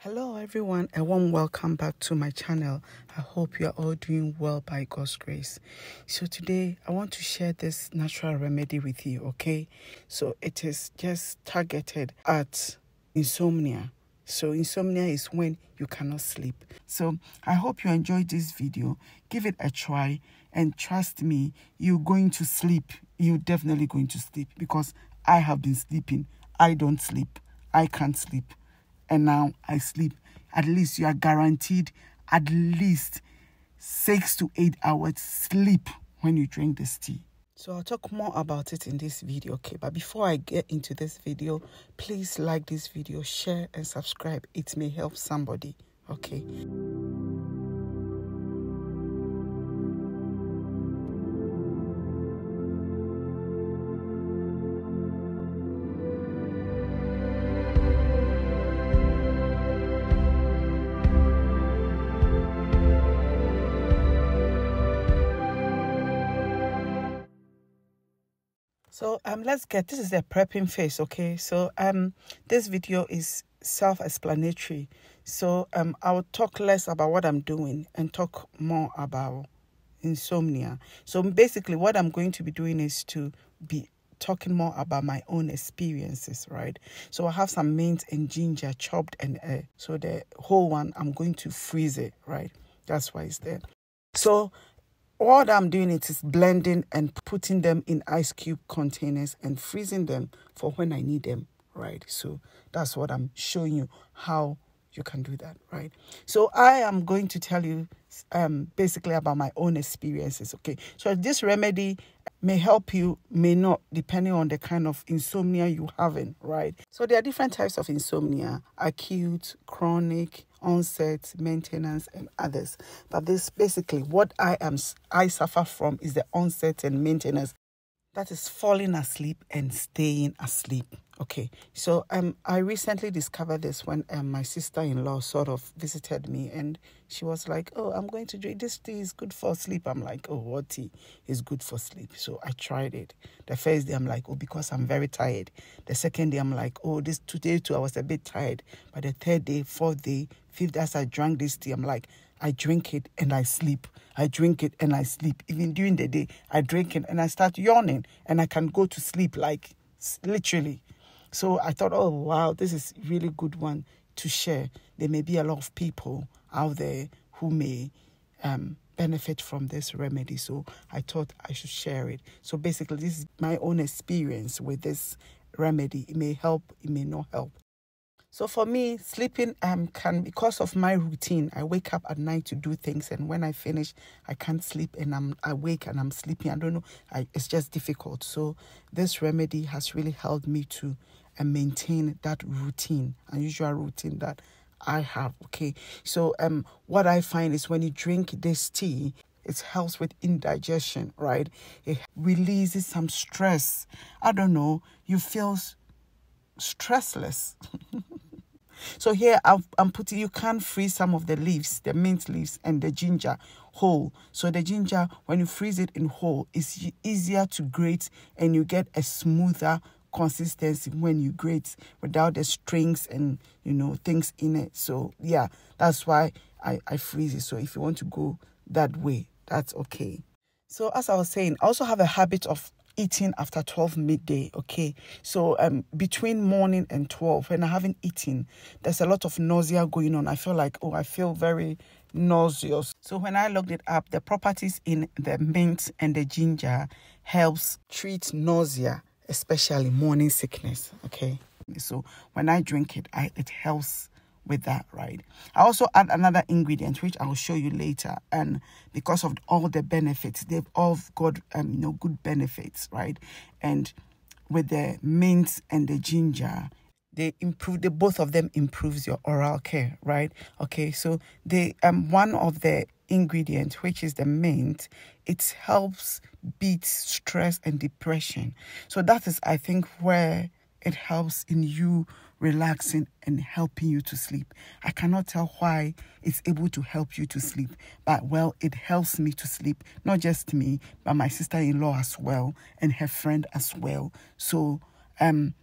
Hello, everyone. A warm welcome back to my channel. I hope you are all doing well by God's grace. So, today I want to share this natural remedy with you, okay? So, it is just targeted at insomnia. So, insomnia is when you cannot sleep. So, I hope you enjoyed this video. Give it a try, and trust me, you're going to sleep. You're definitely going to sleep because I have been sleeping. I don't sleep. I can't sleep and now I sleep. At least you are guaranteed at least six to eight hours sleep when you drink this tea. So I'll talk more about it in this video, okay? But before I get into this video, please like this video, share and subscribe. It may help somebody, okay? so um let's get this is the prepping phase okay so um this video is self-explanatory so um i will talk less about what i'm doing and talk more about insomnia so basically what i'm going to be doing is to be talking more about my own experiences, right? So I have some mint and ginger chopped and uh, so the whole one I'm going to freeze it, right? That's why it's there. So all I'm doing it is blending and putting them in ice cube containers and freezing them for when I need them, right? So that's what I'm showing you how you can do that, right? So I am going to tell you um, basically about my own experiences, okay? So this remedy may help you, may not, depending on the kind of insomnia you are having, right? So there are different types of insomnia, acute, chronic, onset, maintenance, and others. But this basically what I am I suffer from is the onset and maintenance. That is falling asleep and staying asleep. Okay, so um, I recently discovered this when um, my sister-in-law sort of visited me, and she was like, "Oh, I'm going to drink this tea. is good for sleep." I'm like, "Oh, what tea is good for sleep?" So I tried it. The first day, I'm like, "Oh, because I'm very tired." The second day, I'm like, "Oh, this today too, I was a bit tired." But the third day, fourth day, fifth, as I drank this tea, I'm like, I drink it and I sleep. I drink it and I sleep. Even during the day, I drink it and I start yawning and I can go to sleep like literally. So I thought, oh, wow, this is really good one to share. There may be a lot of people out there who may um, benefit from this remedy. So I thought I should share it. So basically, this is my own experience with this remedy. It may help, it may not help. So for me, sleeping um can because of my routine, I wake up at night to do things, and when I finish, I can't sleep, and I'm awake and I'm sleeping. I don't know. I, it's just difficult. So this remedy has really helped me to and maintain that routine, unusual routine that I have. Okay. So um what I find is when you drink this tea, it helps with indigestion, right? It releases some stress. I don't know, you feel stressless. so here i am putting, you can freeze some of the leaves, the mint leaves and the ginger whole. So the ginger, when you freeze it in whole, it's easier to grate and you get a smoother consistency when you grate without the strings and you know things in it so yeah that's why i i freeze it so if you want to go that way that's okay so as i was saying i also have a habit of eating after 12 midday okay so um between morning and 12 when i haven't eaten there's a lot of nausea going on i feel like oh i feel very nauseous so when i looked it up the properties in the mint and the ginger helps treat nausea especially morning sickness. Okay. So when I drink it, I, it helps with that, right? I also add another ingredient, which I'll show you later. And because of all the benefits, they've all got, um, you know, good benefits, right? And with the mint and the ginger, they improve, the both of them improves your oral care, right? Okay, so they um, one of the ingredient, which is the mint, it helps beat stress and depression. So that is, I think, where it helps in you relaxing and helping you to sleep. I cannot tell why it's able to help you to sleep, but well, it helps me to sleep. Not just me, but my sister in law as well, and her friend as well. So, um,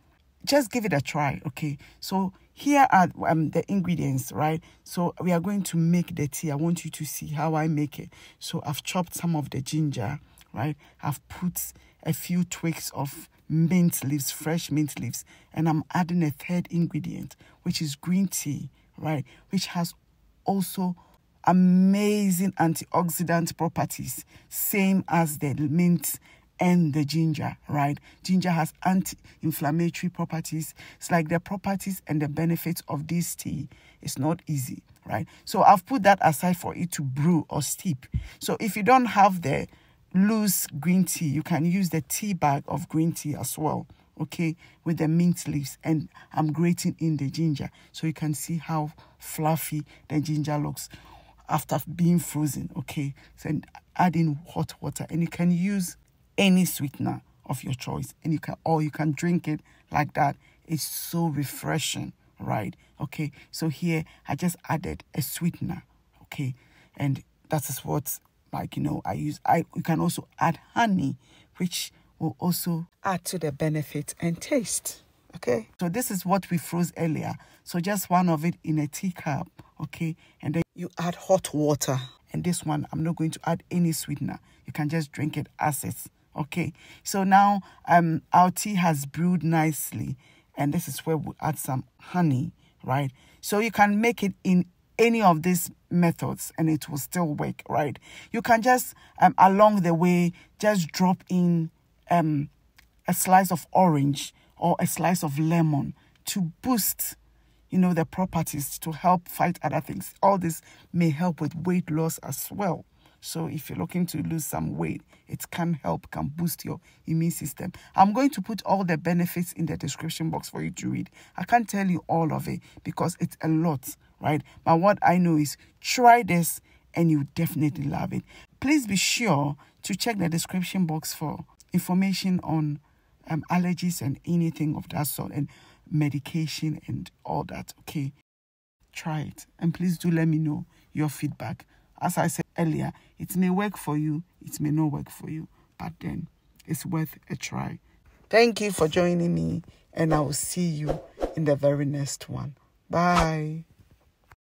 just give it a try okay so here are um, the ingredients right so we are going to make the tea i want you to see how i make it so i've chopped some of the ginger right i've put a few twigs of mint leaves fresh mint leaves and i'm adding a third ingredient which is green tea right which has also amazing antioxidant properties same as the mint and the ginger, right? Ginger has anti inflammatory properties. It's like the properties and the benefits of this tea. It's not easy, right? So I've put that aside for it to brew or steep. So if you don't have the loose green tea, you can use the tea bag of green tea as well, okay, with the mint leaves. And I'm grating in the ginger so you can see how fluffy the ginger looks after being frozen, okay? So adding hot water and you can use any sweetener of your choice and you can or you can drink it like that it's so refreshing right okay so here i just added a sweetener okay and that is what like you know i use i you can also add honey which will also add to the benefit and taste okay so this is what we froze earlier so just one of it in a teacup okay and then you add hot water and this one i'm not going to add any sweetener you can just drink it as is Okay, so now um, our tea has brewed nicely. And this is where we add some honey, right? So you can make it in any of these methods and it will still work, right? You can just, um, along the way, just drop in um, a slice of orange or a slice of lemon to boost, you know, the properties to help fight other things. All this may help with weight loss as well. So if you're looking to lose some weight, it can help, can boost your immune system. I'm going to put all the benefits in the description box for you to read. I can't tell you all of it because it's a lot, right? But what I know is try this and you definitely love it. Please be sure to check the description box for information on um, allergies and anything of that sort and medication and all that, okay? Try it. And please do let me know your feedback. As I said, earlier, it may work for you, it may not work for you, but then it's worth a try. Thank you for joining me, and I will see you in the very next one. Bye.